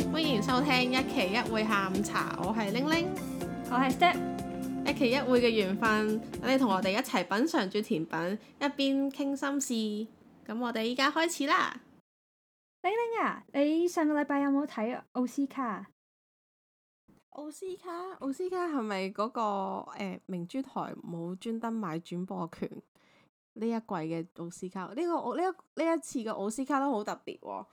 歡迎收聽一期一會下午茶，我係玲玲，我係 Step。一期一會嘅緣分，等你同我哋一齊品嘗住甜品，一邊傾心事。咁我哋依家開始啦。玲玲啊，你上個禮拜有冇睇奧斯卡？奧斯卡，奧斯卡係咪嗰個誒、欸、明珠台冇專登買轉播權呢一季嘅奧斯卡？呢、這個我呢一呢一次嘅奧斯卡都好特別、喎，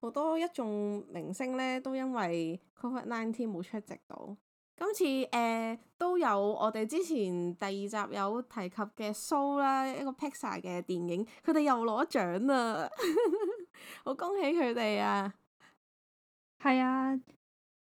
好多一眾明星呢都因為 COVID-19 冇出席到。今次誒、欸、都有我哋之前第二集有提及嘅 Soul 啦，一個 Pixar 嘅電影，佢哋又攞獎啦，好 恭喜佢哋啊！係啊。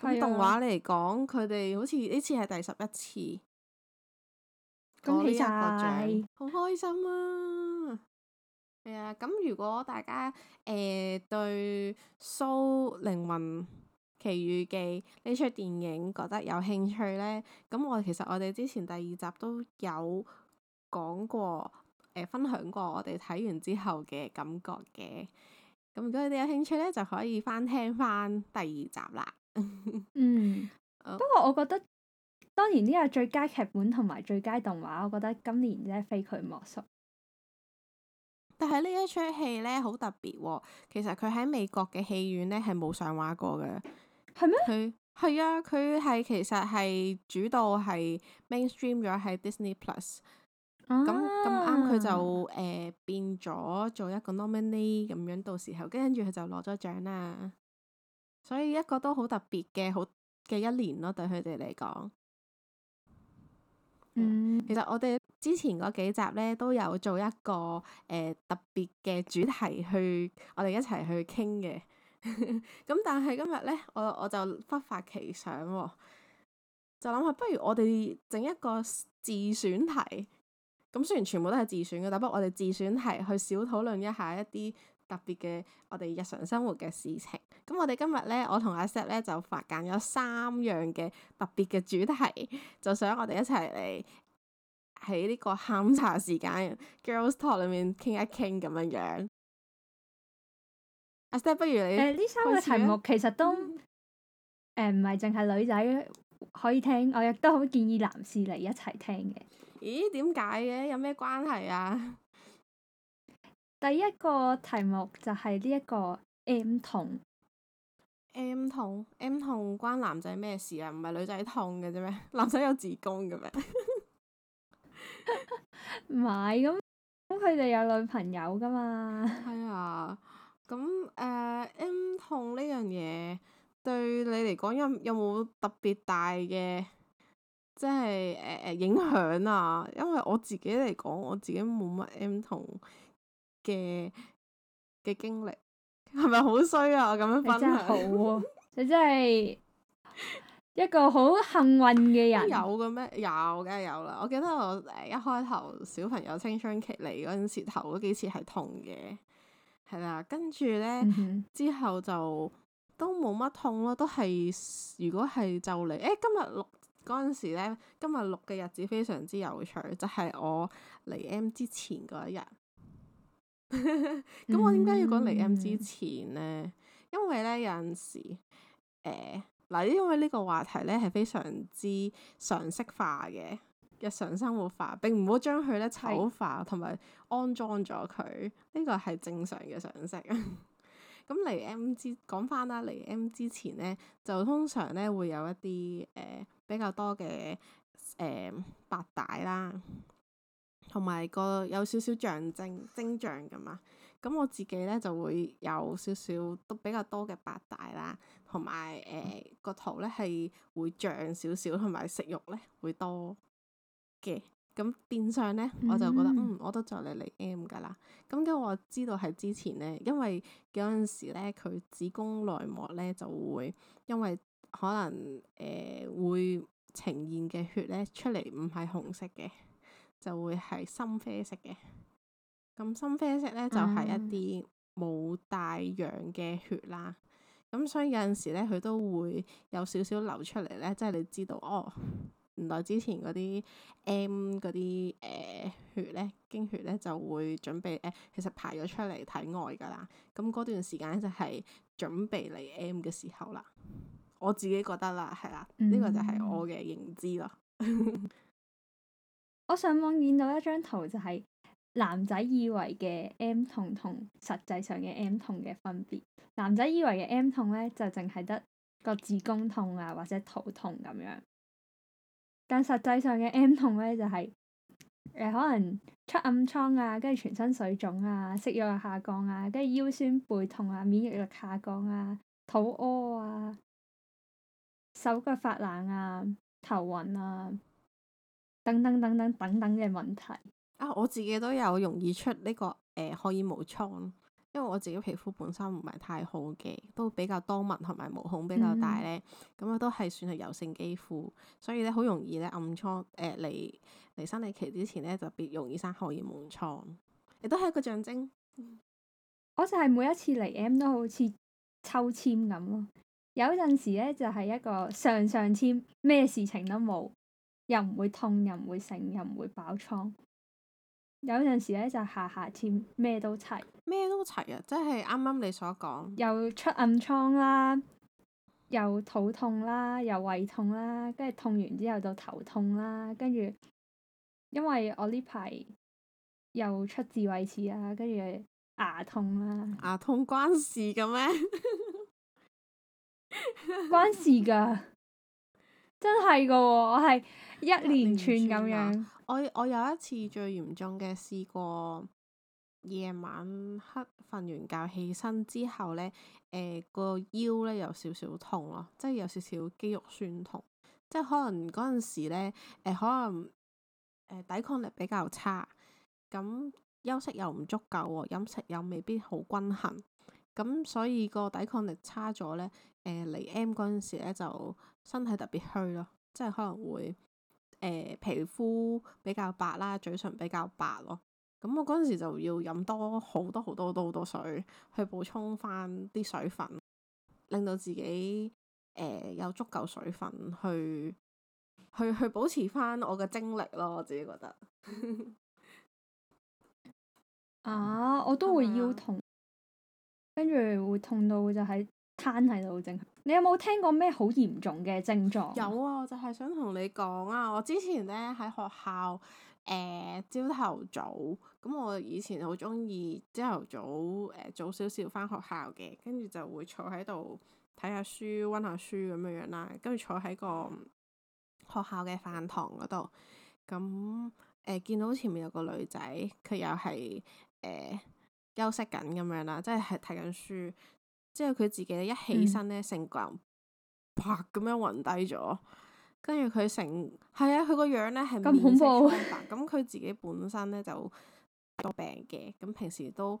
喺動畫嚟講，佢哋好似呢次係第十一次恭喜、啊，一個獎，好開心啊！係啊，咁如果大家誒、呃、對 Soul，《蘇靈魂奇遇記》呢出電影覺得有興趣呢，咁我其實我哋之前第二集都有講過誒、呃，分享過我哋睇完之後嘅感覺嘅。咁如果你哋有興趣呢，就可以翻聽翻第二集啦。 嗯，oh. 不過我覺得當然呢個最佳劇本同埋最佳動畫，我覺得今年真係非佢莫屬。但係呢一出戲咧好特別，哦，其實佢喺美國嘅戲院咧係冇上畫過嘅，係咩嗎？佢係啊，佢係其實係主導係 mainstream 咗喺 Disney Plus 咁咁啱，佢，ah. 就誒、呃、變咗做一個 nominee 咁樣，到時候跟住佢就攞咗獎啦。所以一個都好特別嘅好嘅一年咯，對佢哋嚟講。嗯、yeah，mm. 其實我哋之前嗰幾集咧都有做一個誒、呃、特別嘅主題去，我哋一齊去傾嘅。咁 但係今日咧，我我就忽發奇想喎，就諗下不如我哋整一個自選題。咁雖然全部都係自選嘅，但不過我哋自選題去少討論一下一啲。特別嘅我哋日常生活嘅事情，咁我哋今日咧，我同阿 Sap 咧就發揀咗三樣嘅特別嘅主題，就想我哋一齊嚟喺呢個下午茶時間 Girls Talk 裏面傾一傾咁樣樣。 阿 Sap，不如你誒，呢三個題目其實都誒唔係淨係女仔可以聽，我亦都好建議男士嚟一齊聽嘅。咦？點解嘅？有咩關係啊？第一個題目就係呢一個 M 痛。M 痛，M 痛關男仔咩事啊？唔係女仔痛嘅啫咩？男仔有子宮嘅咩？唔 係， 咁咁佢哋有女朋友噶嘛？係啊，咁誒、呃，M 痛呢樣嘢對你嚟講有有冇特別大嘅，即係誒誒影響啊？因為我自己嚟講，我自己冇乜 M 痛。嘅嘅經歷係咪好衰啊？我咁樣分享，你真好喎、啊！ 你真係一個好幸運嘅人。 有嘅咩？有，梗係有啦！我記得我誒一開頭小朋友青春期嚟嗰陣時，頭嗰幾次係痛嘅，係啦。跟住呢，嗯、哼之後就都冇乜痛咯，都係如果係就嚟誒今日錄嗰陣時呢，今日錄嘅日子非常之有趣，就係、是、我嚟 M 之前嗰一日。咁 我點解要講嚟 M 之前咧，嗯呃？因為咧有陣時，誒，嗱，因為呢個話題咧係非常之常識化嘅，日常生活化，並唔好將佢咧醜化，同埋是安裝咗佢，呢個係正常嘅常識。咁 嚟、嗯、M 之講翻啦，嚟 M 之前咧，就通常咧會有一啲誒、呃、比較多嘅誒白帶啦。同埋個有少少象徵，象徵噶嘛，咁我自己咧就會有少少都比較多嘅白帶啦，同埋誒個頭咧係會脹少少，同埋食慾咧會多嘅。咁變相咧我就覺得，嗯，嗯，我都就嚟嚟 M 噶啦。咁跟住我知道係之前咧，因為有陣時咧佢子宮內膜咧就會因為可能誒、呃、會呈現嘅血咧出嚟唔係紅色嘅。就會係深啡色嘅，咁深啡色咧就係、是，一啲冇帶氧嘅血啦。咁、uh huh. 所以有陣時咧，佢都會有少少流出嚟咧，即、就、係、是、你知道哦，原來之前嗰啲 M 嗰啲誒血咧，經血咧就會準備誒、呃，其實排咗出嚟體外噶啦。咁嗰段時間咧就係準備嚟 M 嘅時候啦。我自己覺得啦，係啦，呢、mm hmm. 個就係我嘅認知咯。 我上網見到一張圖，就係男仔以為嘅 M 痛同實際上嘅 M 痛嘅分別。男仔以為嘅 M 痛呢，就淨係得個子宮痛啊，或者肚痛咁、啊、樣。但實際上嘅 M 痛呢，就係、是呃、可能出暗瘡啊，跟住全身水腫啊，食慾下降啊，跟住腰酸背痛啊，免疫力下降啊，肚屙啊，手腳發冷啊，頭暈啊。噔噔噔噔等等等等等等嘅問題啊！我自己都有容易出呢個誒荷爾蒙瘡，因為我自己皮膚本身唔係太好嘅，都比較多紋同埋毛孔比較大咧，咁啊都係算係油性肌膚，所以咧好容易咧暗瘡誒嚟嚟生理期之前咧特別容易生荷爾蒙瘡，亦都係一個象徵。我就係每一次嚟 M 都好似抽籤咁咯，有陣時咧就係一個上上籤，咩事情都冇。又唔會痛，又唔會醒，又唔會爆瘡。有陣時咧就下下籤咩都齊，咩都齊啊！即係啱啱你所講，又出暗瘡啦，又肚痛啦，又胃痛啦，跟住痛完之後就頭痛啦，跟住因為我呢排又出智慧齒啦，跟住牙痛啦，牙痛關事嘅咩？ 關事㗎。真係噶喎，我係一連串咁樣。我我有一次最嚴重嘅試過夜晚黑瞓完覺起身之後咧，誒、呃個腰咧有少少痛咯，即係有少少肌肉酸痛。即係可能嗰陣時咧，誒、呃、可能誒、呃、抵抗力比較差，咁休息又唔足夠喎，飲食又未必好均衡，咁所以個抵抗力差咗咧，誒、呃、嚟 M 嗰陣時咧就。身體特別虛咯，即係可能會誒、呃、皮膚比較白啦，嘴唇比較白咯。咁、嗯、我嗰陣時就要飲多好多好多好多好多水，去補充翻啲水分，令到自己誒、呃、有足夠水分去去去保持翻我嘅精力咯。我自己覺得 啊，我都會腰痛，嗎跟住會痛到就喺、係。山喺度症，嗯、你有冇聽過咩好嚴重嘅症狀？有啊，我就係想同你講啊，我之前咧喺學校誒，朝、呃、頭早咁，我以前好鍾意朝頭早誒、呃、早少少返學校嘅，跟住就會坐喺度睇下書溫下書咁樣樣啦，跟住坐喺個學校嘅飯堂嗰度，咁誒、呃、見到前面有個女仔，佢又係誒休息緊咁樣啦，即係睇緊書。之後佢自己一起身咧，成、嗯、個人啪咁樣暈低咗，跟住佢成係啊，佢個樣咧係咁恐怖。咁佢自己本身咧就多病嘅，咁平時都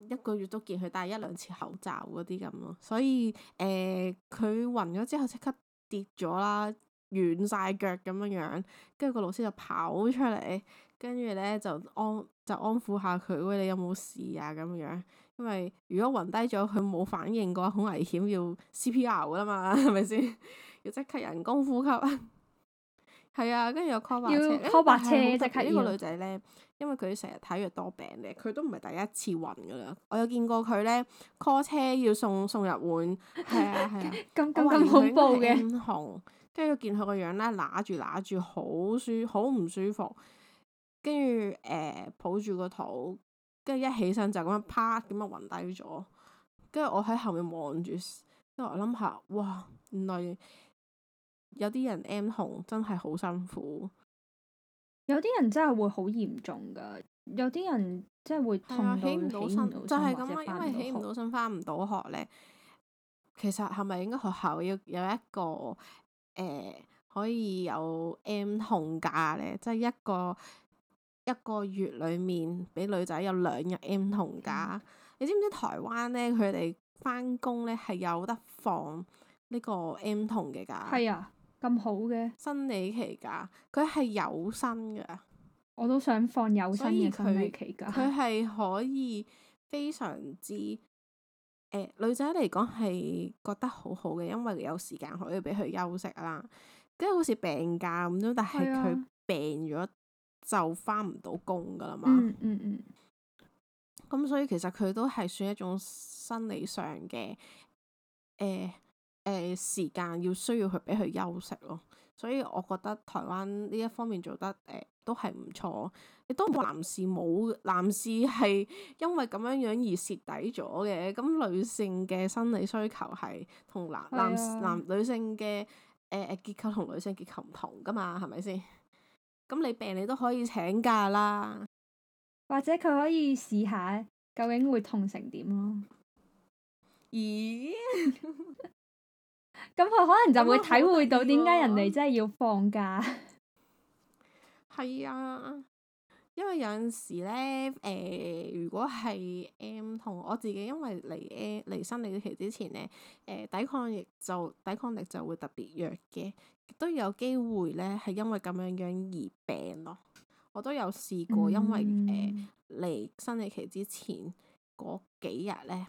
一個月都見佢戴一兩次口罩嗰啲咁咯。所以誒，佢暈咗之後即刻跌咗啦，軟晒腳咁樣樣，跟住個老師就跑出嚟，跟住咧就安就安撫下佢，喂，你有冇事啊？咁樣。因為如果暈低咗佢冇反應嘅話，好危險，要 CPR 噶啦嘛，係咪先？ 要即刻人工呼吸。係 啊，跟住又 call 白車，係啊，即刻、欸。呢車個女仔咧，因為佢成日體弱多病嘅，佢都唔係第一次暈噶啦。我有見過佢咧 call 車要送送入院。係啊係啊，咁咁、啊、 恐怖嘅。跟住見佢個樣咧，揦住揦住，好舒好唔舒服，跟住誒抱住個肚。跟住一起身就咁樣啪，咁樣暈低咗。跟住我喺後面望住，跟住我諗下，哇！原來有啲人 M 控真係好辛苦，有啲人真係會好嚴重㗎。有啲人真係會痛、啊、起唔到身，身就係咁啦。因為起唔到身，返唔到學咧。其實係咪應該學校要有一個誒、呃、可以有 M 控假咧？即、就、係、是、一個。一個月裡面，俾女仔有兩日 M 同假，嗯、你知唔知台灣咧？佢哋返工咧係有得放呢個 M 同嘅假？係啊，咁好嘅生理期假，佢係有薪嘅。我都想放有薪嘅生理期假，所以佢係可以非常之誒、呃、女仔嚟講係覺得好好嘅，因為有時間可以俾佢休息啦，跟住好似病假咁樣。但係佢病咗，就翻唔到工噶啦嘛，咁、嗯嗯嗯、所以其實佢都係算一種生理上嘅，誒、呃、誒、呃、時間要需要去俾佢休息咯。所以我覺得台灣呢一方面做得誒、呃、都係唔錯。亦都男士冇男士係因為咁樣樣而蝕底咗嘅。咁女性嘅生理需求係同男、嗯、男男女性嘅誒誒結構同女性結構唔同噶嘛，係咪先？咁你病你都可以請假啦，或者佢可以試下究竟會痛成點咯？咦？咁 佢 可能就會體會到點解、啊、人哋真係要放假。係啊，因為有陣時咧，誒、呃，如果係 M 同我自己，因為嚟 M、呃、嚟生理期之前咧，誒、呃，抵抗力就抵抗力就會特別弱嘅。都有機會咧，係因為咁樣樣而病咯。我都有試過，因為誒嚟、嗯呃、生理期之前嗰幾日咧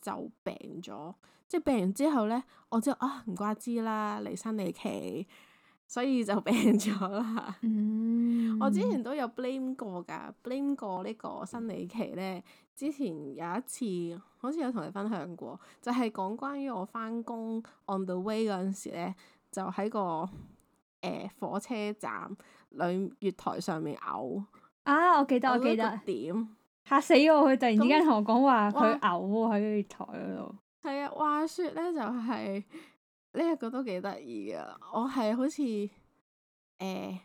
就病咗，即係病完之後咧，我就啊唔怪之啦嚟生理期，所以就病咗啦。嗯、 我之前都有 blame 過噶、嗯、，blame 過呢個生理期咧。之前有一次，好似有同你分享過，就係、是、講關於我翻工 on the way 嗰陣時咧。就喺個誒、呃、火車站裏月台上面嘔啊！我記得我，我記得點吓死我，佢突然之間同我講話佢嘔喎，喺個月台嗰度係啊，話說咧就係呢一個都幾得意噶我係好似誒、呃、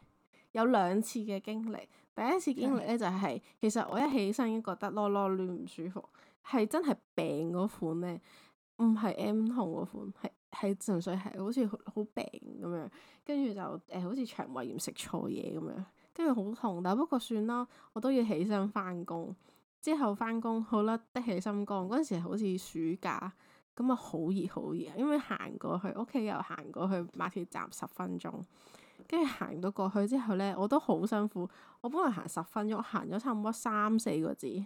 有兩次嘅經歷第一次經歷咧的就係、是、其實我一起身已經覺得囉囉攣唔舒服，係真係病嗰款咧，唔係 M 痛嗰款係。係純粹係好似好病咁樣，跟住就誒好似腸胃炎食錯嘢咁樣，跟住好痛，但不過算啦，我都要起身返工。之後返工好啦，的起心肝嗰陣時好似暑假，咁啊好熱好熱，因為行過去屋企又行過去馬鐵站十分鐘，跟住行到過去之後咧，我都好辛苦。我本來行十分鐘，行咗差唔多三四個字，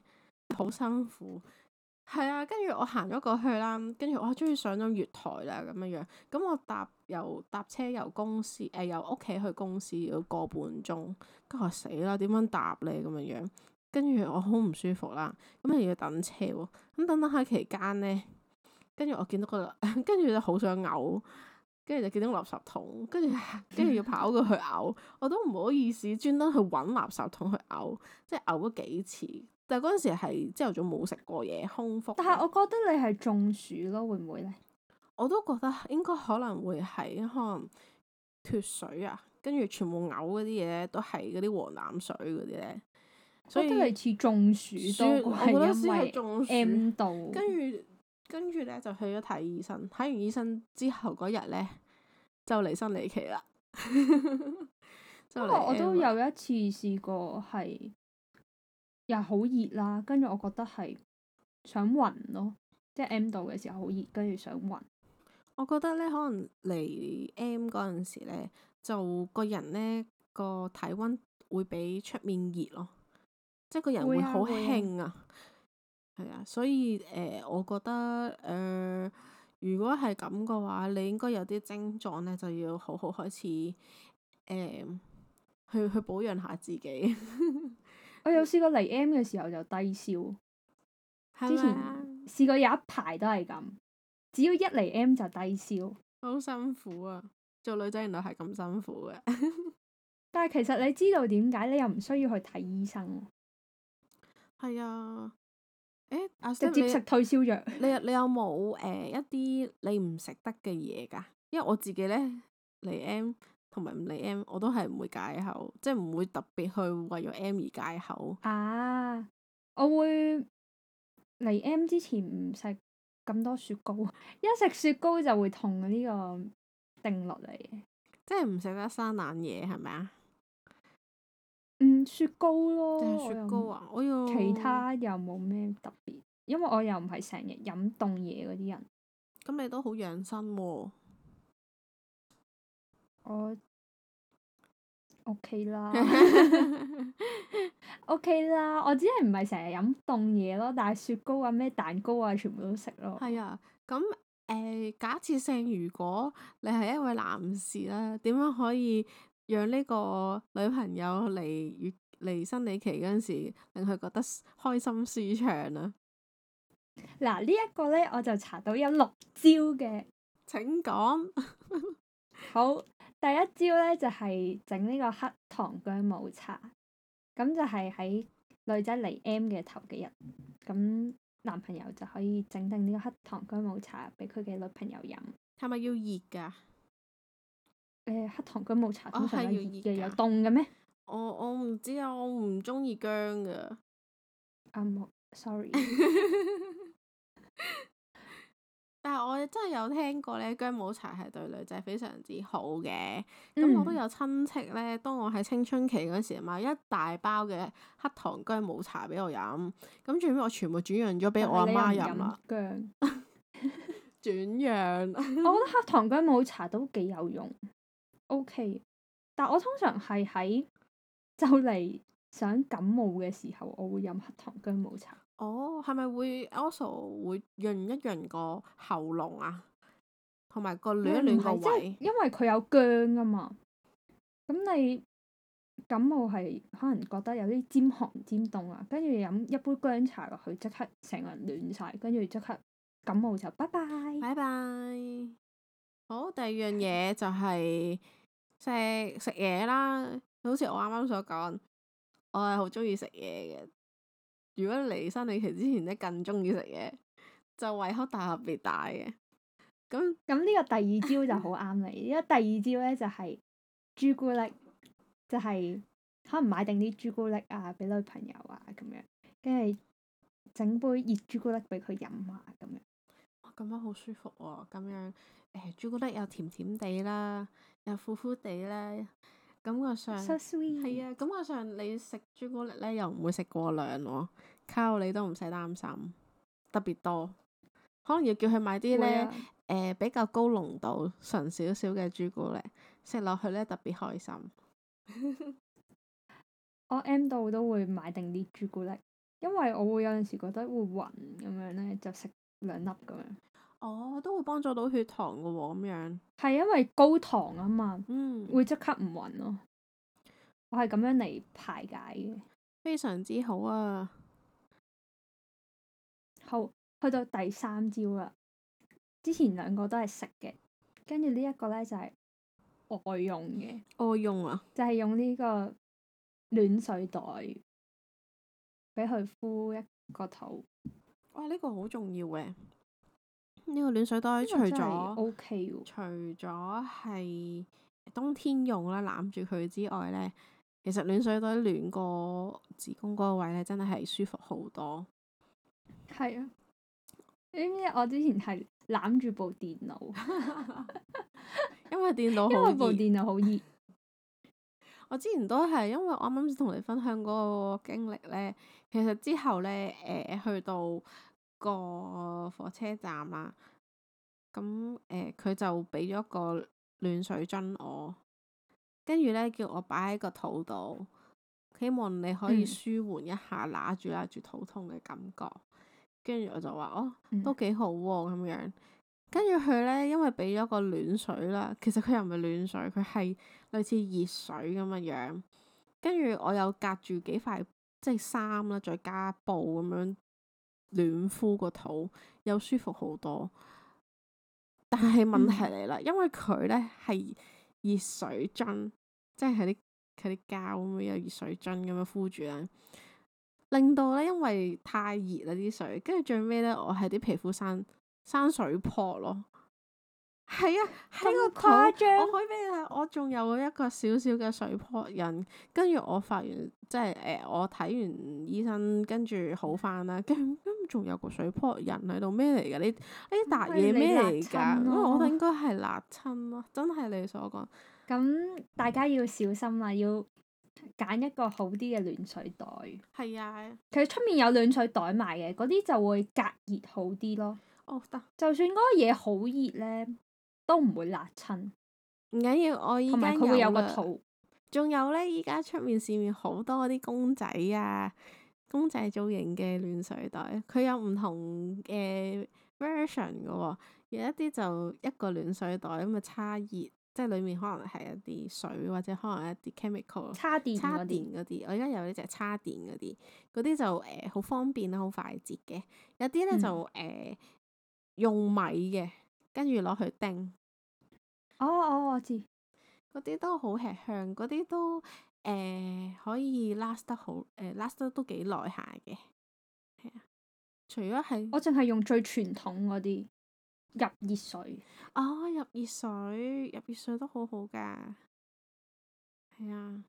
好辛苦。係啊，跟住我行咗過去啦，跟住我終於上咗月台啦，咁樣樣。咁我搭由搭車由公司誒、呃、由屋企去公司要個半鐘，跟住我話死啦，點樣搭咧咁樣樣？跟住我好唔舒服啦，咁又要等車喎。咁等等下期間咧，跟住我見到、個，跟 住就好想嘔，跟住就見到垃圾桶，跟住跟住要跑過去嘔，我都唔好意思專登去搵垃圾桶去嘔，即係嘔咗幾次。但係嗰陣時係朝頭早冇食過嘢，空腹。但係我覺得你係中暑咯，會唔會咧？我都覺得應該可能會係，可能脱水啊，跟住全部嘔嗰啲嘢咧，都係嗰啲黃疸水嗰啲咧。所以得類似中暑，所以我覺得先係中暑 M 度。跟住，跟住咧就去咗睇醫生，睇完醫生之後嗰日咧就嚟生理期啦。不過我都有一次試過係。又好熱啦，跟住我覺得係想暈咯，即係 M 度嘅時候好熱，跟住想暈。我覺得咧，可能嚟 M 嗰陣時咧，就個人咧個體溫會比出面熱咯，即係個人會好興啊。係啊，所以誒，我覺得誒，如果係咁嘅話，你應該有啲症狀咧，就要好好開始誒、呃，去去保養下自己。 我有試過嚟 M 嘅時候就低燒，嗎之前試過有一排都係咁，只要一嚟 M 就低燒，好辛苦啊！做女仔原來係咁辛苦嘅。 但係其實你知道點解你又唔需要去睇醫生？係啊，誒、欸、直接食退燒藥。你你，你有冇誒、呃、一啲你唔食得嘅嘢㗎？因為我自己咧嚟 M。同埋唔嚟 M 我都係唔會戒口，即係唔會特別去為咗 M 而戒口。啊！我會嚟 M 之前唔食咁多雪糕， 一食雪糕就會痛呢個定律嚟嘅。即係唔食得生冷嘢，係咪啊？嗯，雪糕咯，雪糕啊！我又有其他又冇咩特別，哎、呀因為我又唔係成日飲凍嘢嗰啲人。咁你都好養生喎、啊！我 OK 啦 ，OK 啦，我只係唔係成日飲凍嘢咯，但係雪糕啊、咩蛋糕啊，全部都食咯。係啊，咁誒、呃，假設性如果你係一位男士啦，點樣可以讓呢個女朋友嚟月嚟生理期嗰陣時，令佢覺得開心舒暢啊？嗱，這個、呢一個咧，我就查到有六招嘅，請講說笑好。第一招呢，就係整呢個黑糖薑母茶，咁就係喺女仔嚟 M 嘅頭幾日，咁男朋友就可以整定呢個黑糖薑母茶俾佢嘅女朋友飲。係咪要熱㗎？誒、呃、黑糖薑母茶通常要熱嘅，熱有凍嘅咩？我我唔知啊，我唔中意薑㗎。啊木、um，sorry。 但係我真係有聽過咧，薑母茶係對女仔非常之好嘅。咁我都有親戚咧，當我喺青春期嗰時買一大包嘅黑糖薑母茶俾我飲，咁最尾我全部轉讓咗俾我阿媽飲啦。薑轉 轉讓， 我覺得黑糖薑母茶都幾有用。OK，但我通常係喺就嚟想感冒嘅時候，我會飲黑糖薑母茶。哦，係咪、oh, 會 also 會潤一潤個喉嚨啊？同埋個暖一暖個胃，嗯、因為佢有薑啊嘛。咁你感冒係可能覺得有啲尖寒尖凍啊，跟住飲一杯薑茶落去，即刻成個人暖晒，跟住即刻感冒就拜拜拜拜。好，第二樣嘢就係食食嘢啦，好似我啱啱所講，我係好中意食嘢嘅。如果嚟生理期之前咧，更中意食嘢，就胃口特別大嘅。咁咁呢個第二招就好啱你， 因為第二招咧就係朱古力，就係、是、可能買定啲朱古力啊，俾女朋友啊咁樣，跟住整杯熱朱古力俾佢飲埋咁樣。咁、哦、樣好舒服喎、啊，咁樣誒朱古力又甜甜地啦，又苦苦地啦。感覺上，係 So sweet. 啊！感覺上你，你食朱古力咧又唔會食過量喎、啊，卡路里你都唔使擔心，特別多。可能要叫佢買啲咧，誒、啊呃、比較高濃度、純少少嘅朱古力，食落去咧特別開心。 我 M 度都會買定啲朱古力，因為我會有陣時覺得會暈咁樣咧，就食兩粒咁樣。哦，都會幫助到血糖噶喎、哦，咁樣係因為高糖啊嘛，嗯，會即刻唔暈咯。我係咁樣嚟排解嘅，非常之好啊！好，去到第三招啦，之前兩個都係食嘅，跟住呢一個咧就係外用嘅，外用啊，就係用呢個暖水袋俾佢敷一個肚，哇，呢個好重要嘅。呢個暖水袋除咗 O K 喎，OK、除咗係冬天用啦，攬住佢之外咧，其實暖水袋暖個子宮嗰個位咧，真係舒服好多。係啊，你知唔知我之前係攬住部電腦， 因為電腦好熱。我之前都係因為我啱啱同你分享嗰個經歷咧，其實之後咧，誒、呃、去到。個火車站啊，咁誒、佢、欸、就俾咗個暖水樽我，跟住咧叫我擺喺個肚度，希望你可以舒緩一下揦住揦住肚痛嘅感覺。跟住我就話哦，都幾好喎，啊，咁樣。跟住佢咧，因為俾咗個暖水啦，其實佢又唔係暖水，佢係類似熱水咁嘅樣。跟住我又隔住幾塊即係衫啦，再加布咁樣。暖敷個肚又舒服好多，但係問題嚟啦、嗯，因為佢咧係熱水樽，即係佢啲佢啲膠咁樣有熱水樽咁樣敷住啦，令到咧因為太熱啦啲水，跟住最尾咧我係啲皮膚生生水泡咯。係啊！咁誇張，我可以俾你。我仲有一個小小嘅水泡印。跟住我發完，即係誒、呃，我睇完醫生，跟住好翻啦。跟住，跟住仲有個水泡印喺度，咩嚟㗎？呢呢笪嘢咩嚟㗎？我覺得應該係辣親咯，真係你所講。咁大家要小心啦、啊，要揀一個好啲嘅暖水袋。係啊！其實出面有暖水袋賣嘅，嗰啲就會隔熱好啲咯。哦得。就算嗰個嘢好熱咧～都唔會辣親，唔緊要。我依家有啦，仲有咧，依家出面市面好多啲公仔啊，公仔造型嘅暖水袋，佢有唔同嘅、呃、version 噶、哦，有一啲就一個暖水袋咁啊，叉熱，即係裏面可能係一啲水或者可能一啲 chemical，叉電，叉電嗰啲。我依家有呢隻叉電嗰啲，嗰啲就誒好、呃、方便啦，好快捷嘅。有啲咧就誒、嗯呃、用米嘅。跟住攞去叮，哦哦，我知。嗰啲都好吃香，嗰啲都誒、呃、可以 last 得好，誒、呃、last 得都幾耐下嘅、係啊。除咗係，我淨係用最傳統嗰啲入熱水。哦，入熱水，入熱水都好好㗎。係啊。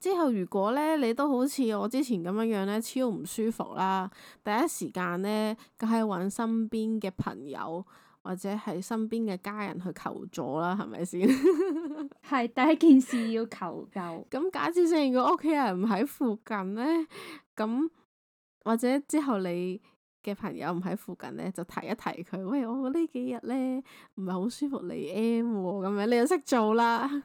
之後，如果咧你都好似我之前咁樣樣咧，超唔舒服啦，第一時間咧，梗係揾身邊嘅朋友或者係身邊嘅家人去求助啦，係咪先？係第一件事要求救。咁假設成個屋企人唔喺附近咧，咁或者之後你嘅朋友唔喺附近咧，就提一提佢，喂，我呢幾日咧唔係好舒服嚟 M 喎，咁樣你又識做啦。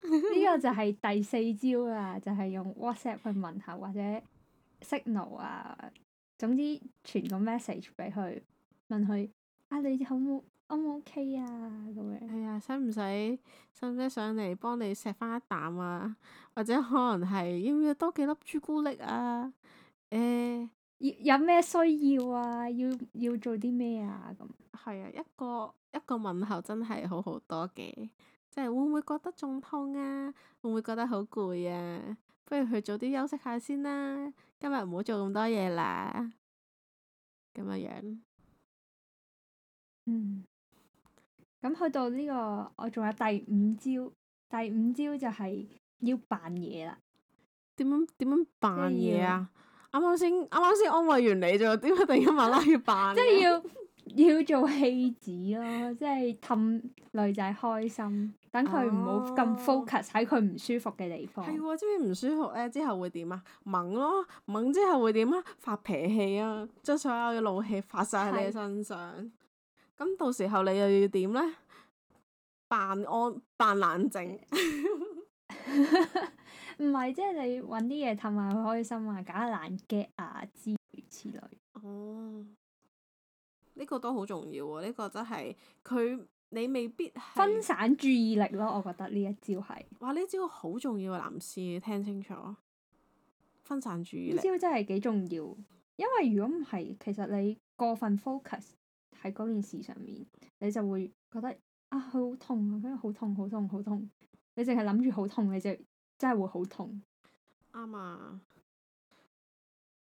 呢 個就係第四招啦，就係、是、用 WhatsApp 去問候或者 signal 啊，總之傳個 message 俾佢，問佢啊，你好唔好？O 唔 O K 啊咁樣。係啊，使唔使使唔使上嚟幫你錫翻一啖啊？或者可能係要唔要多幾粒朱古力啊？誒、哎，有咩需要啊？要要做啲咩啊？咁。係啊、哎，一個一個問候真係好好多嘅。即係會唔會覺得仲痛啊？會唔會覺得好攰啊？不如去早啲休息下先啦。今日唔好做咁多嘢啦。咁嘅樣。嗯。咁去到呢個，我仲有第五招。第五招就係要扮嘢啦。點樣點樣扮嘢啊？啱啱先啱啱先安慰完你咋？點解突然間話要扮咧？即係 要。要做戲子咯，即係氹女仔開心，等佢唔好咁 focus 喺佢唔舒服嘅地方。係喎、哦，知唔知唔舒服咧，之後會點啊？掹咯，掹之後會點啊？發脾氣啊，將所有嘅怒氣發晒喺你身上。咁是到時候你又要點咧？扮安，扮冷靜。唔係， 即係你揾啲嘢氹下佢開心啊，搞下冷 gag 啊之類此類。哦。呢個都好重要喎、啊！呢個真係佢你未必分散注意力咯，我覺得呢一招係。哇！呢招好重要啊，男士，聽清楚。分散注意力。呢招真係幾重要，因為如果唔係，其實你過分 focus 喺嗰件事上面，你就會覺得啊好痛啊，好痛好痛好痛，痛，痛。你淨係諗住好痛，你就真係會好痛。啱啊！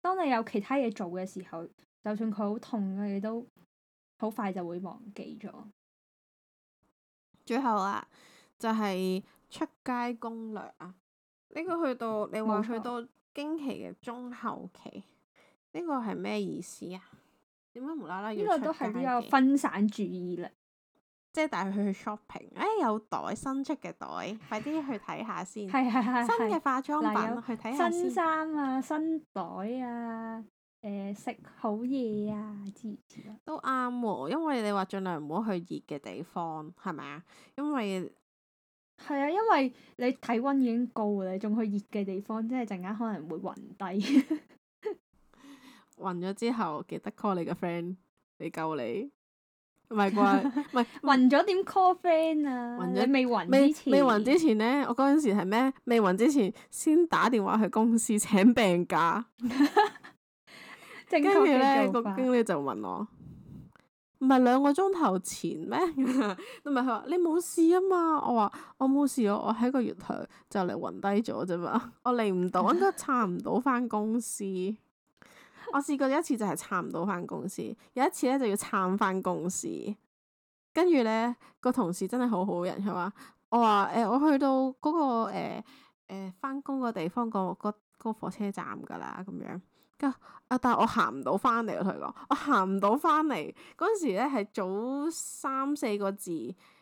當你有其他嘢做嘅時候，就算佢好痛，你都～好快就會忘記咗。最後啊，就係、是、出街攻略啊。呢、這個去到你話去到經期嘅中後期，呢、這個係咩意思啊？點解無啦啦要出街？呢個都係比較分散注意力，即係帶佢去 shopping。哎，有袋新出嘅袋， 快啲去睇下先。係係係。新嘅化妝品去睇下，新衫啊，新袋啊。誒，食、呃、好嘢啊！都啱喎，因為你話盡量唔好去熱嘅地方，係咪啊？因為係啊，因為你體、啊、溫已經高啦，你仲去熱嘅地方，即係陣間可能會暈低。暈 咗之後，記得 call 你個 friend 嚟救你，唔係啩？唔係暈咗點 call friend 啊？暈咗了未暈未暈之前呢？我嗰陣時係咩？未暈之前先打電話去公司請病假。 跟住咧，呢個經理就問我：唔係兩個鐘頭前咩？唔係佢話你冇事啊嘛？我話我冇事，我喺個月台就嚟暈低咗啫嘛。我嚟唔到，應該撐唔到翻公司。我試過有一次就係撐唔到翻公司，有一次咧就要撐翻公司。跟住咧，個同事真係好好人，佢話我話誒、呃，我去到嗰、嗰個誒誒翻工個地方個個、嗰個火車站㗎啦，咁樣。個啊，但係我行唔到翻嚟，我同佢講，我行唔到翻嚟。嗰陣時咧係早三四個字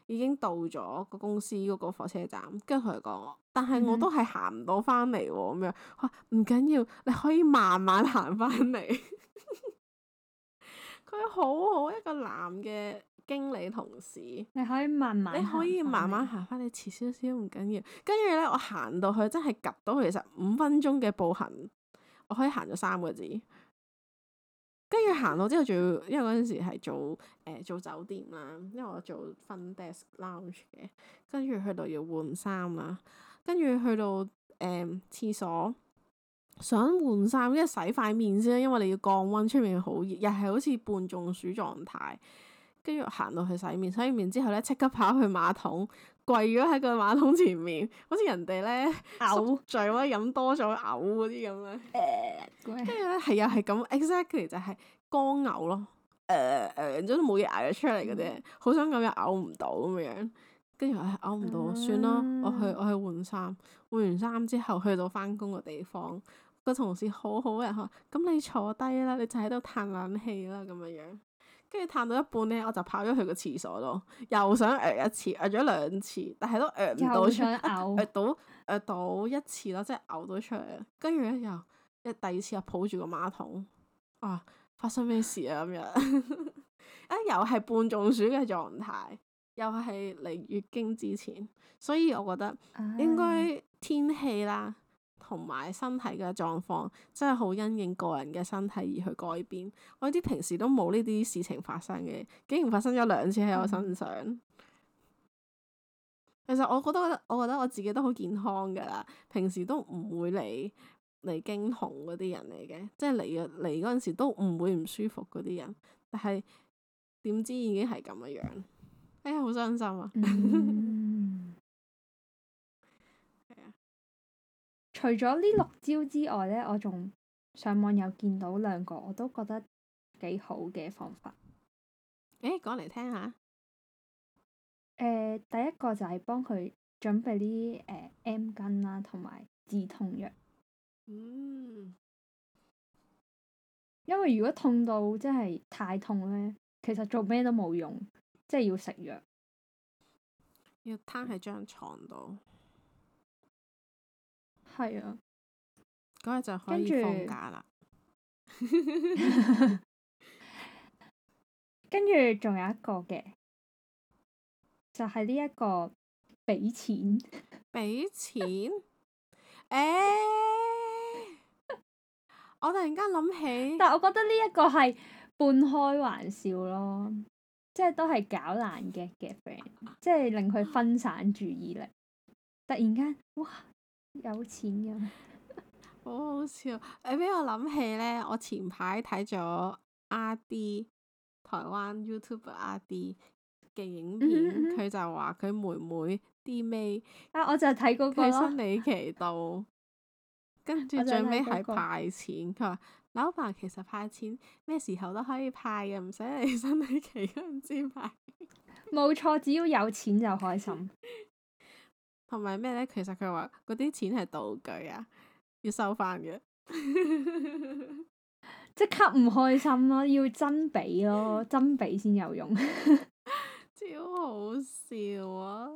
已經到咗個公司嗰個火車站，跟住同佢講，我但係我都係行唔到翻嚟喎咁樣。唔緊要，你可以慢慢行翻嚟。佢 好好一個男嘅經理同事，你可以慢慢，你可以慢慢行翻嚟。遲少少唔緊要。跟住咧，我行到去真係及到，其實五分鐘嘅步行。我可以行咗三個字，跟住行到之後，仲要，因為嗰陣時係做誒、呃、做酒店啦，因為我做 front desk lounge 嘅，跟住去到要換衫啦，跟住去到誒廁、呃、所想換衫，跟住洗塊面先啦，因為你要降溫，出面好熱，又係好似半中暑狀態，跟住我行到去洗面，洗完面之後咧，即刻跑去馬桶。跪咗喺個馬桶前面，好似人哋咧嘔醉咯，飲多咗嘔嗰啲咁樣。跟住咧係又係咁，exactly 就係乾嘔咯。誒、哎、誒，然之後都冇嘢捱得出嚟嗰啲，好想咁又嘔唔到咁樣。跟住我係嘔唔到，算啦，我去我去換衫。換完衫之後去到翻工個地方，個同事好好人，話：咁你坐低啦，你就喺度嘆冷氣啦，咁樣樣。跟住嘆到一半咧，我就跑咗去個廁所度，又想嘔、呃、一次，嘔咗兩次，但係都嘔、呃、唔到出，嘔、呃呃、到嘔、呃、到一次咯，即係嘔、呃、到出嚟。跟住咧又即第二次又抱住個馬桶，啊，發生咩事啊咁樣？ 啊，又係半中暑嘅狀態，又係嚟月經之前，所以我覺得應該天氣啦。啊同埋身體嘅狀況，真係好因應個人嘅身體而去改變。我啲平時都冇呢啲事情發生嘅，竟然發生咗兩次喺我身上。嗯、其實我覺得，我覺得我自己都好健康噶啦，平時都唔會嚟嚟驚恐嗰啲人嚟嘅，即係嚟嚟嗰陣時都唔會唔舒服嗰啲人。但係點知已經係咁嘅樣，哎呀好傷心啊！嗯 除咗呢六招之外咧，我仲上網有見到兩個，我都覺得幾好嘅方法。誒，講嚟聽下。誒、呃，第一個就係幫佢準備啲誒、呃、M 巾啦，同埋止痛藥。嗯。因為如果痛到真係太痛咧，其實做咩都冇用，即係要食藥，要攤喺張床度。係啊，嗰日就可以放假啦。跟住著仲 有一個嘅，就係呢一個俾錢，俾 錢。誒、 欸，我突然間諗起， 但我覺得呢一個係半開玩笑咯，即係都係搞爛嘅嘅 friend，即係令佢分散注意力。突然間，哇！有錢人，好 好笑！你、哎、俾我諗起咧，我前排睇咗阿 D 台灣 YouTube 阿 D 嘅影片，佢、嗯嗯嗯、就話佢妹妹啲咩啊，我就睇嗰個生理期度， 跟住着、那個、最尾係派錢，佢話老爸其實派錢咩時候都可以派嘅，唔使你生理期都唔知派。冇 錯，只要有錢就開心。 係咪咩咧？其實佢話嗰啲錢係道具啊，要收翻嘅，即 刻唔開心咯，要真俾咯，真俾先有用， 超好笑啊！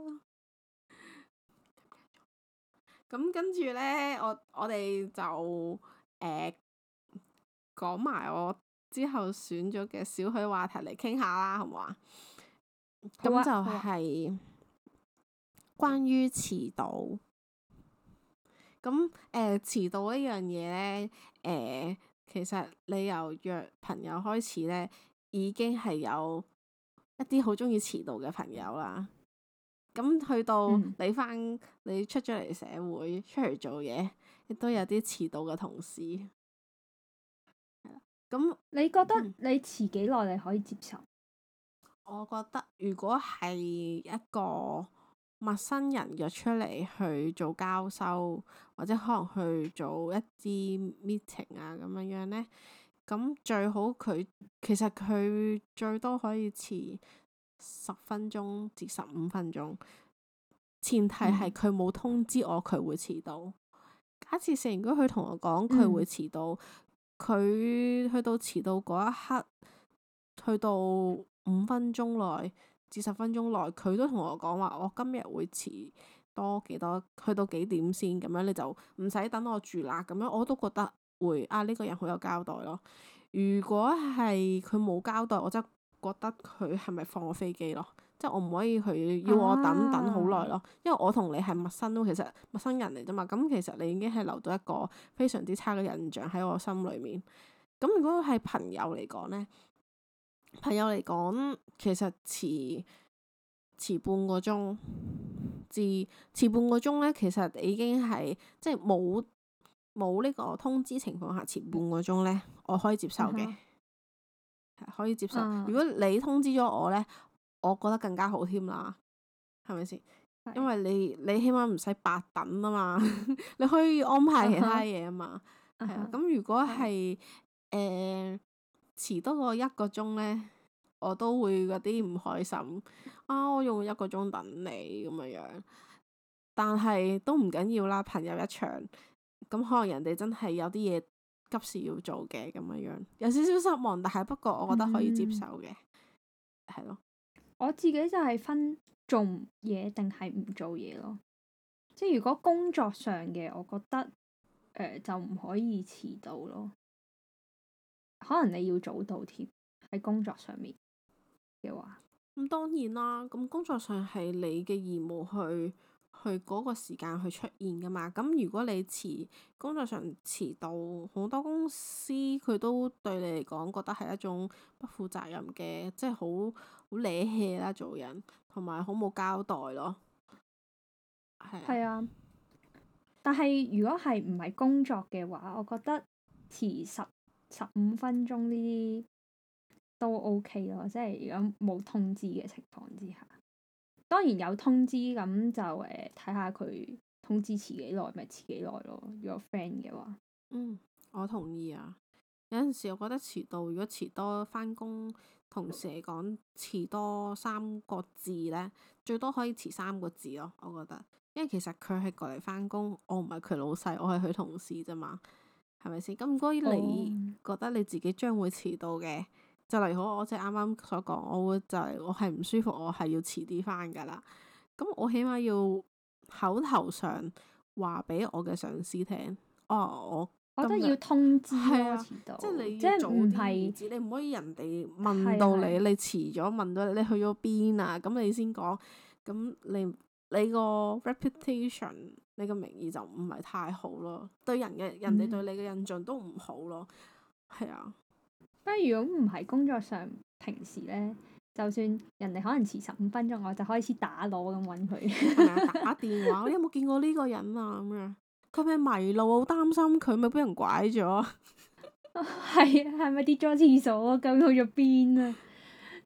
咁跟住咧，我我哋就誒講埋我之後選咗嘅少許話題嚟傾下啦，好唔好啊？咁就係、是。關於遲到，咁誒、呃、遲到呢樣嘢呢。其實你由約朋友開始呢，已經係有一啲好中意遲到嘅朋友啦。咁去到你返、嗯、你出咗嚟社會出嚟做嘢，亦都有啲遲到嘅同事。係咁，你覺得你遲幾耐你可以接受？嗯、我覺得如果係一個。陌生人約出嚟去做交收，或者可能去做一啲 meeting 啊，咁樣樣咧。咁最好佢其實佢最多可以遲十分鐘至十五分鐘，前提係佢冇通知我佢會遲到。嗯、假設成日如果佢同我講佢會遲到，佢、嗯、去到遲到嗰一刻，去到五分鐘內至十分鐘內，佢都同我講話，我今日會遲多幾多，去到幾點先咁樣，你就唔使等我住啦。咁樣我都覺得會，會啊呢個人好有交代咯。如果係佢冇交代，我真係覺得佢係咪放我飛機咯？即係我唔可以佢要我等等好耐咯。因為我同你係陌生咯，其實陌生人嚟啫嘛。咁其實你已經係留咗一個非常之差嘅印象喺我心裏面。咁如果係朋友嚟講咧？朋友嚟講，其實遲遲半個鐘，至遲半個鐘咧，其實已經係即係冇冇呢個通知情況下，遲半個鐘咧，我可以接受嘅、嗯哼，可以接受。如果你通知咗我咧，我覺得更加好添啦，係咪先？因為你你起碼唔使白等啊嘛， 你可以安排其他嘢啊嘛。係啊、嗯，咁、嗯、如果係誒。嗯哼嗯遲多過一個鐘咧，我都會嗰啲唔開心啊！我用一個鐘等你咁樣樣，但係都唔緊要啦，朋友一場，咁可能人哋真係有啲嘢急事要做嘅咁樣樣，有少少失望，但係不過我覺得可以接受嘅，係咯、嗯。了我自己就係分做嘢定係唔做嘢咯，即係如果工作上嘅，我覺得誒、呃、就唔可以遲到咯。可能你要早到添，喺工作上面嘅話，咁當然啦。咁工作上係你嘅義務去去嗰個時間去出現噶嘛。咁如果你遲工作上遲到，好多公司佢都對你嚟講覺得係一種不負責任嘅，即係好好惹氣啦，做人同埋好冇交代咯。係啊，但係如果係唔係工作嘅話，我覺得其實。十五分鐘呢啲都 OK 咯，即係如果冇通知嘅情況之下，當然有通知咁就誒睇下佢通知遲幾耐，咪遲幾耐咯。如果 friend 嘅話，嗯，我同意啊。有陣時我覺得遲到，如果遲多返工同事嚟講，遲多三個字咧，最多可以遲三個字咯。我覺得，因為其實佢係過嚟返工，我唔係佢老細，我係佢同事啫嘛。係咪先？咁唔該，你覺得你自己將會遲到嘅？Oh. 就例如好，我即係啱啱所講，我會就係我係唔舒服，我係要遲啲翻噶啦。咁我起碼要口頭上話俾我嘅上司聽，哦，我我覺得要通知，啊就是、即係你即係唔係？你唔可以人哋問,的問到你，你遲咗問到你去咗邊啊？咁你先講。咁你你個 reputation？你個名義就唔係太好咯，對人嘅人哋對你嘅印象都唔好咯，係、嗯、啊。不過如果唔係工作上，平時咧，就算人哋可能遲十五分鐘，我就開始打鑼咁揾佢，打電話。你 有冇見過呢個人啊？咁樣，佢咪迷路是是 啊？好擔心佢咪俾人拐咗。係啊，係咪跌咗廁所？究竟去咗邊啊？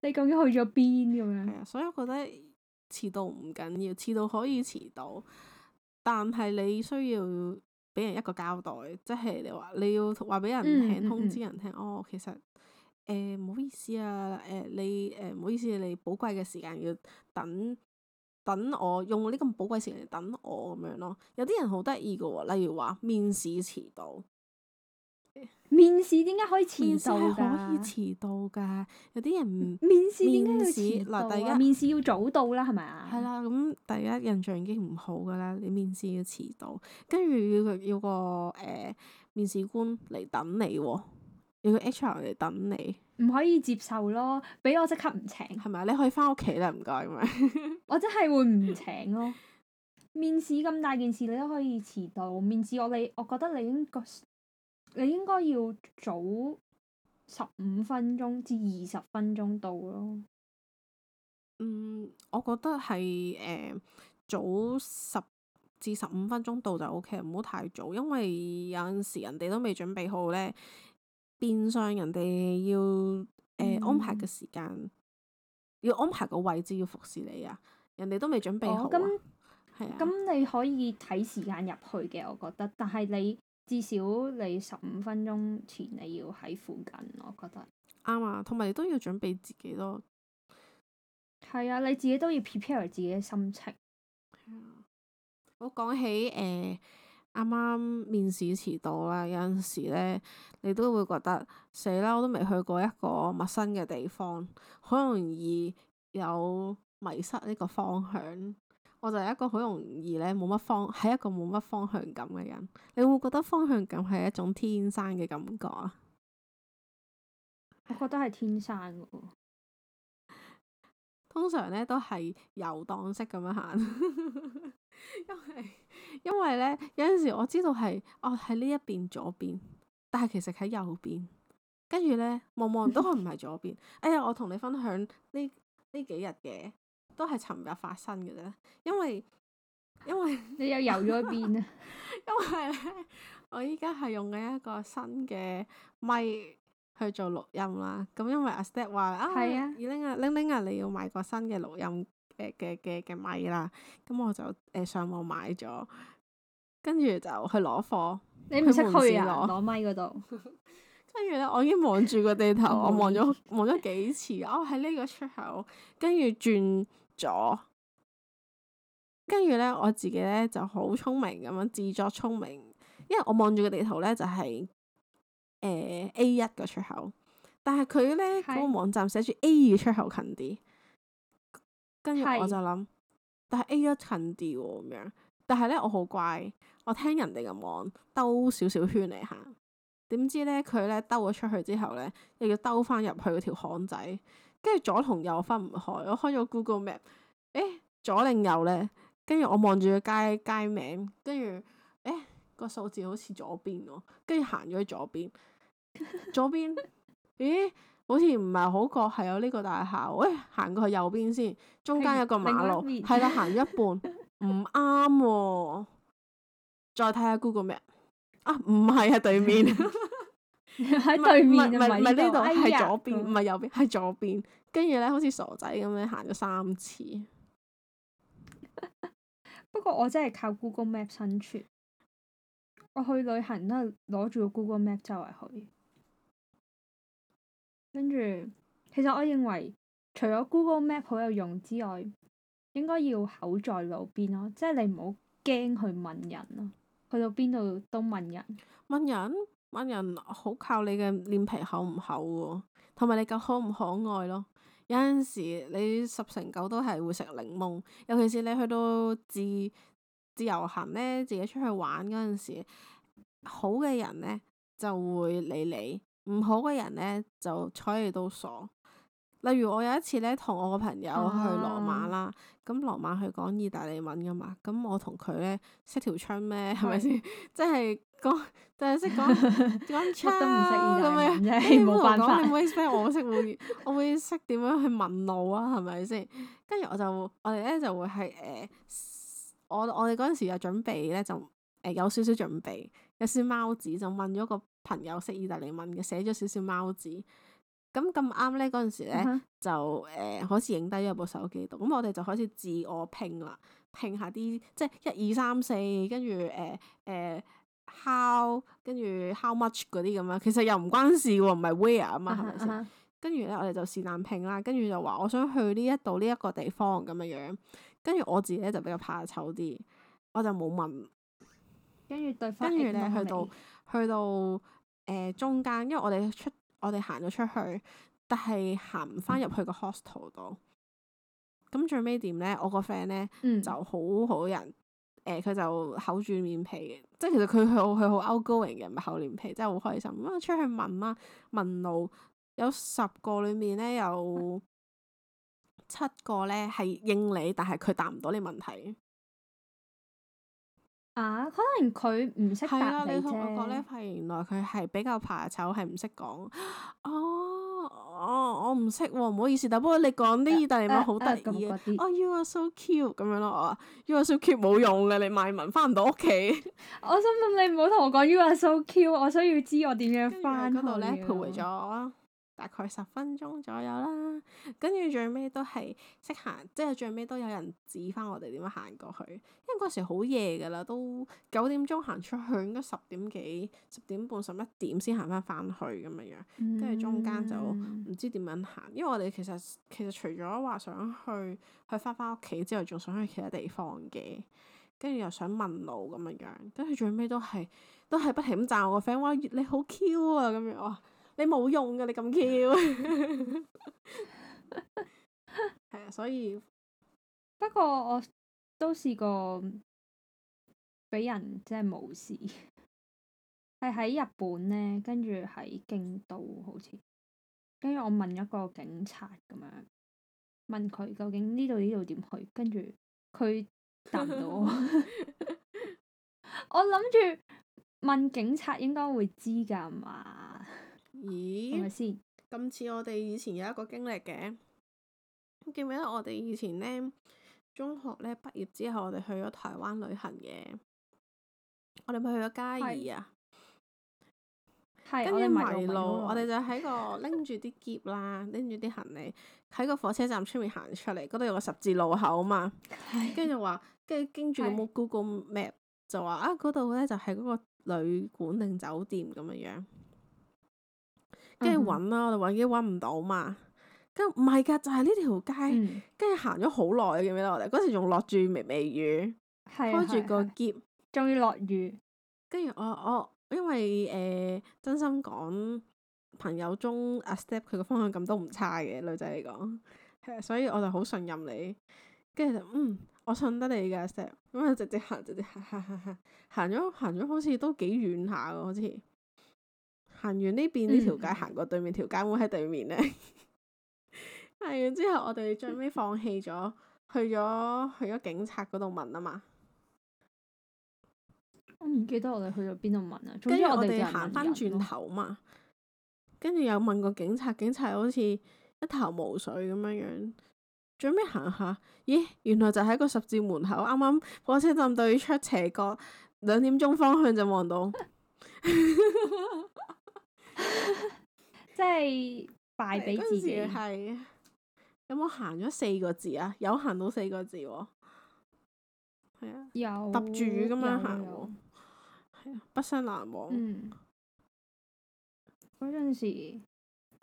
你究竟去咗邊咁樣？係啊，所以我覺得遲到唔緊要，遲到可以遲到。但係你需要俾人一個交代，即係你話你要話俾人聽，通知人聽嗯嗯嗯哦，其實誒唔、呃、好意思啊，誒、呃、你誒唔、呃、好意思、啊，你寶貴嘅時間要等等我，用呢咁寶貴時間嚟等我咁樣咯。有啲人好得意㗎喎，例如話面試遲到。面試點解可以遲到噶？可以遲到噶，有啲人面試點解要遲到啊？面試要早到啦，係咪啊？係啦，咁大家印象已經唔好噶啦。你面試要遲到，跟住要個誒、呃、面試官嚟等你喎、哦，要個 H R 嚟等你，唔可以接受咯。俾我即刻唔請，係咪啊？你可以翻屋企啦，唔該。我真係會唔請咯？ 面試咁大件事，你都可以遲到？面試我你，我覺得你已、這、經、個你應該要早十五分鐘至二十分鐘到咯。嗯，我覺得係誒、呃、早十至十五分鐘到就 OK，唔好太早，因為有陣時人哋都未準備好咧。變相人哋要誒、呃嗯、安排嘅時間，要安排個位置要服侍你啊，人哋都未準備好。咁咁、哦、係啊、你可以睇時間入去嘅，我覺得，但係你。至少你十五分鐘前你要喺附近，我覺得。啱啊，嗯，同埋你都要準備自己咯。係啊，你自己都要 prepare 自己嘅心情。嗯，我講起誒、啱，呃、啱面試遲到啦，有陣時咧，你都會覺得死啦，我都未去過一個陌生嘅地方，好容易有迷失呢個方向。我就係一個好容易咧，冇乜方，係一個冇乜方向感嘅人。你會唔會覺得方向感係一種天生嘅感覺啊？我覺得係天生喎。通常咧都係遊蕩式咁樣行，因為因為咧有陣時我知道係哦喺呢一邊左邊，但係其實喺右邊，跟住咧望望都唔係左邊。 哎呀，我同你分享呢呢幾日嘅。都係尋日發生嘅啫，因為因為你又遊咗邊啊？ 因為我依家係用緊一個新嘅咪去做錄音啦。咁因為阿 Step 話啊，玲玲啊，玲玲啊，啊，你要買個新嘅錄音嘅嘅嘅嘅咪啦。咁、嗯、我就誒、呃、上網買咗，跟住就去攞貨。你唔識去啊？攞咪嗰度。跟住咧，我已經望住個地頭，我望咗望咗幾次，哦，喺呢個出口，跟住轉。咗，跟住咧我自己咧就好聰明咁樣自作聰明，因為我望住個地圖咧就係、是、誒、呃、A 一個出口，但係佢咧嗰個網站寫住 A 二出口近啲，跟住我就諗是，但係 A 一近啲喎咁樣，但係咧我好乖，我聽人哋咁講，兜少少圈嚟行，點知咧佢咧兜咗出去之後咧又要兜翻入去嗰條巷仔。跟住左同右分唔開，我開咗 Google Map，唉，左定右呢？跟住我望住個街街名，跟住唉，個數字好似左邊喎，跟住行咗去左邊，左邊，咦，好似唔係好覺係有呢個大廈，唉，行過去右邊先，中間有個馬路，係啦，行一半，唔啱喎，再睇下 Google Map，啊，唔係啊，對面。 喺 對面，唔係唔係呢度，係左邊唔係右邊，係左邊。跟住咧，好似傻仔咁樣行咗三次。 不過我真係靠 Google Map 生存。我去旅行都係攞住個 Google Map 周圍去。跟住，其實我認為除咗 Google Map 好有用之外，應該要口在路邊咯。即係你唔好驚去問人咯。去到邊度都問人。問人？揾人好靠你嘅臉皮厚唔厚喎、啊，同埋你夠可唔可愛咯？有陣時你十成九都係會食檸檬，尤其是你去到自自由行咧，自己出去玩嗰陣時，好嘅人咧就會理你，唔好嘅人咧就睬你都傻。例如我有一次咧，同我個朋友去羅馬啦，咁、啊嗯、羅馬佢講意大利文噶嘛，咁我同佢咧識條春咩，係咪先？即係講就係識講，識都唔識意大利文，冇辦法。你唔會講，你唔會識，我會， 我會識點樣去問路啊，係咪先？跟住、嗯、我就我哋咧就會係誒、呃，我我哋嗰陣時有準備咧就誒、呃、有少少準備，有少少貓紙就問咗個朋友個識意大利文嘅，寫咗少少貓紙。咁咁啱咧，嗰陣時咧、uh huh. 就誒開始影低咗部手機度，咁我哋就開始自我拼啦，拼下啲即係一二三四，跟住誒誒 how，跟住 how much 嗰啲咁樣，其實又唔關事喎、啊，唔係 where 啊嘛，係咪先？跟住咧我哋就是但拼啦，跟住就話我想去呢一度呢一個地方咁樣樣，跟住我自己咧就比較怕醜啲，我就冇問。跟住對方跟呢，跟住咧去到去到誒、呃、中間，因為我哋出。我哋行咗出去，但係行唔翻入去個 hostel 度。咁最尾點咧？我個 friend 咧就好好人，誒、呃、佢就厚住面皮，即係其實佢佢好 outgoing 嘅，唔係厚面皮，真係好開心。咁、啊、我出去問啊問、啊、路，有十個裏面咧有七個咧係應你，但係佢答唔到你問題。啊，可能佢唔識答你啫。係咯，你同我講呢排，原來佢係比較怕醜，係唔識講。哦、啊，哦、啊，我唔識喎，唔好意思。但不過你講啲意大利文好得意嘅，哦、啊啊啊啊啊、，You are so cute 咁樣咯。我話 You are so cute 冇用嘅，你賣文翻唔到屋企。 我心諗你唔好同我講 You are so cute，我需要知我點樣翻嗰度咧徘徊咗。大概十分鐘左右啦，跟住最尾都係識行，即係最尾都有人指翻我哋點樣行過去。因為嗰時好夜噶啦，都九點鐘行出去，應該十點幾、十點半、十一點先行翻翻去咁樣樣，跟住中間就唔知點樣行。因為我哋其實其實除咗話想去去翻翻屋企之外，仲想去其他地方嘅，跟住又想問路咁樣樣，跟住最尾都係都係不停咁讚我個 friend，哇！你好 Q 啊咁樣話。哦你冇用噶，你咁 Q，係啊，所以 不過我都試過俾人即係無視，係喺日本呢，跟住喺京都好似，跟住我問一個警察咁樣，問佢究竟呢度呢度點去，跟住佢答唔到我 我諗住問警察應該會知㗎嘛。咦，咁似我哋以前有一個經歷嘅，記唔記得我哋以前呢？中學呢畢業之後，我哋去咗台灣旅行嘅，我哋咪去咗嘉義啊，是跟住迷路，我哋就喺個拎住啲喼啦，拎住啲行李喺 個火車站出面行出嚟，嗰度有個十字路口啊嘛，跟住 就話，跟住經住個 Google Map 是就話啊，嗰度呢就係、是、嗰個旅館定酒店咁嘅樣。跟住揾啦，我哋揾極都揾唔到嘛，跟住唔係噶，就係、是、呢條街。跟住行咗好耐，記唔記得我哋嗰時仲落住微微雨，係，開住個結，仲要落雨。跟住我我因為誒、呃、真心講朋友中阿 Step 佢嘅方向感都唔差嘅女仔嚟講，係所以我就好信任你。跟住就嗯，我信得你㗎阿 Step。咁啊，直接行，直接行，行，行，行，行咗行咗，好似都幾遠下喎，好似。行完呢邊呢條街，行、嗯、過對面條街，會喺對面呢咧。 行完之後，我哋最尾放棄咗，去咗去咗警察嗰度問啊嘛。我唔記得我哋去咗邊度問啊。跟住我哋行翻轉頭嘛，跟住人又問過警察，警察好似一頭霧水咁樣樣。最尾行下，咦，原來就喺個十字門口，啱啱火車站對出斜角，兩點鐘方向就望到。 即係 敗俾自己，係有冇行咗四個字啊？有行到四個字，係啊，啊有揼住咁樣行、啊，係有啊，畢生難忘。嗰陣、嗯、時第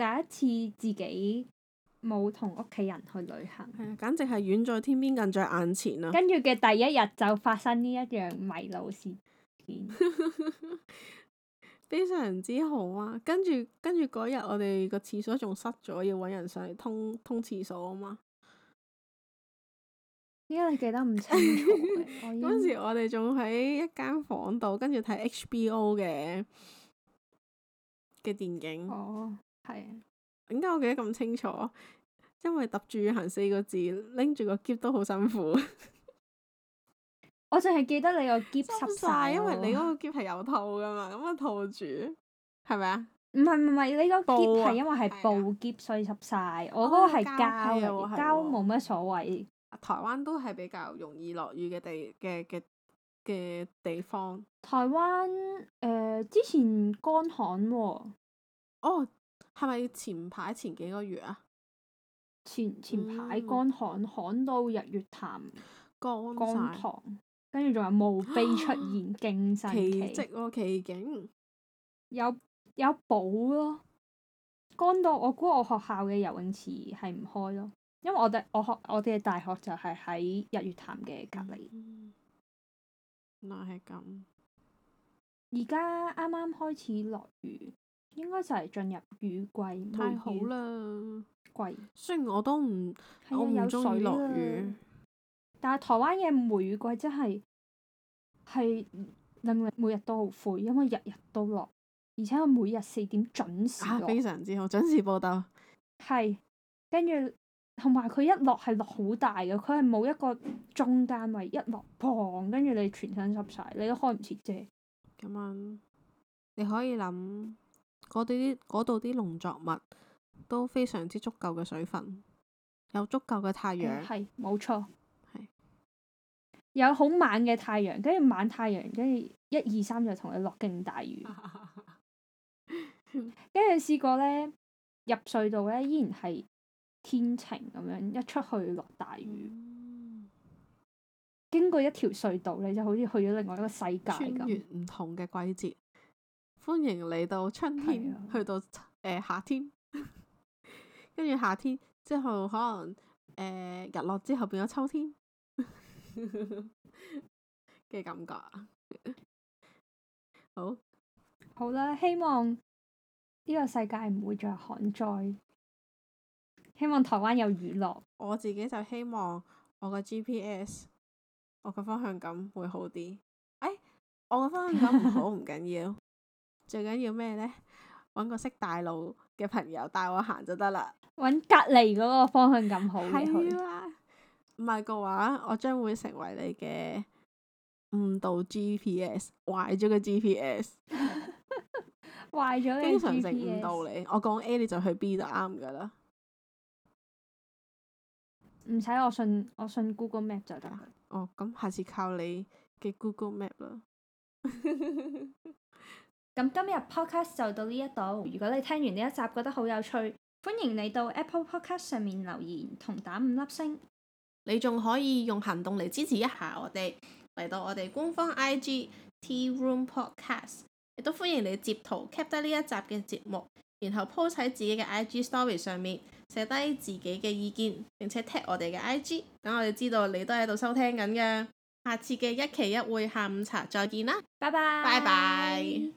一次自己冇同屋企人去旅行，係啊，簡直係遠在天邊近在眼前啊！跟住嘅第一日就發生呢一樣迷路事件。 非常之好啊！跟住跟住嗰日我哋個廁所仲塞咗，要揾人上嚟通通廁所啊嘛！依家你記得唔清楚嗰陣 應 時我哋仲喺一間房度，跟住睇 HBO 嘅嘅電影。哦，係啊，點解我記得咁清楚？因為揼住行四個字，拎住個篋都好辛苦。 我淨係記得你個篋濕晒，因為你嗰個篋係有套噶嘛，咁啊套住係咪啊？唔係唔係，你個篋係因為係布篋，的所以濕晒。我嗰個係膠嚟，膠冇乜所謂。台灣都係比較容易落雨嘅地嘅嘅嘅地方。台灣誒、呃，之前乾旱喎。哦，係咪前排前幾個月啊？前前排乾旱，旱、嗯、到日月潭乾乾了塘。跟住仲有墓碑出現，勁、啊、神奇咯、啊，奇景有有寶咯，乾到我估我學校嘅游泳池係唔開咯，因為我哋我學我哋嘅大學就係喺日月潭嘅隔籬。原來係咁。而家啱啱開始落雨，應該就係進入雨季。雨太好啦！季貴雖然我都唔，我唔中意落雨。但係台灣嘅梅雨真係係令你每日都好攰，因為日日都落，而且佢每日四點準時、啊、非常之好準時報到。係，跟住同埋佢一落係落好大嘅，佢係冇一個中間位，一落磅，跟住你全身濕晒，你都開唔切遮。咁樣，你可以諗嗰啲嗰度啲農作物都非常之足夠嘅水分，有足夠嘅太陽，係冇、嗯、錯。有好猛嘅太陽，跟住猛太陽，1, 2, 3, 跟住一二三就同你落勁大雨。跟住試過咧，入隧道咧依然係天晴咁樣，一出去落大雨。嗯、經過一條隧道，你就好似去咗另外一個世界咁。穿越唔同嘅季節，歡迎嚟到春天，啊、去到誒、呃、夏天，跟 住夏天之後可能誒、呃、日落之後變咗秋天。嘅 感覺 好，好啦，希望呢個世界唔會再旱災，希望台灣有雨落。我自己就希望我個 GPS，我個方向感會好啲。哎，我個方向感唔好唔緊要，最緊要咩呢？搵個識大路嘅朋友帶我行就得啦。搵隔籬嗰個方向感好啲去。 唔係嘅話，我將會成為你嘅誤導 G P S，壞咗嘅 G P S，壞咗嘅經常性誤導你。我講 A 你就去 B 就啱噶啦，唔使我信，我信 Google Map 就得。哦，咁下次靠你嘅 Google Map 啦。咁 今日 Podcast 就到呢一度。如果你聽完呢一集覺得好有趣，歡迎你到 Apple Podcast 上面留言同打五粒星。你仲可以用行動嚟支持一下我哋，嚟到我哋官方 IG Tea Room Podcast，亦都歡迎你截圖，cap 得呢一集嘅節目，然後 po 喺自己嘅 I G Story 上面，寫低自己嘅意見，並且 tag 我哋嘅 I G，等我哋知道你都喺度收聽緊嘅。下次嘅一期一會下午茶，再見啦，拜拜，拜拜。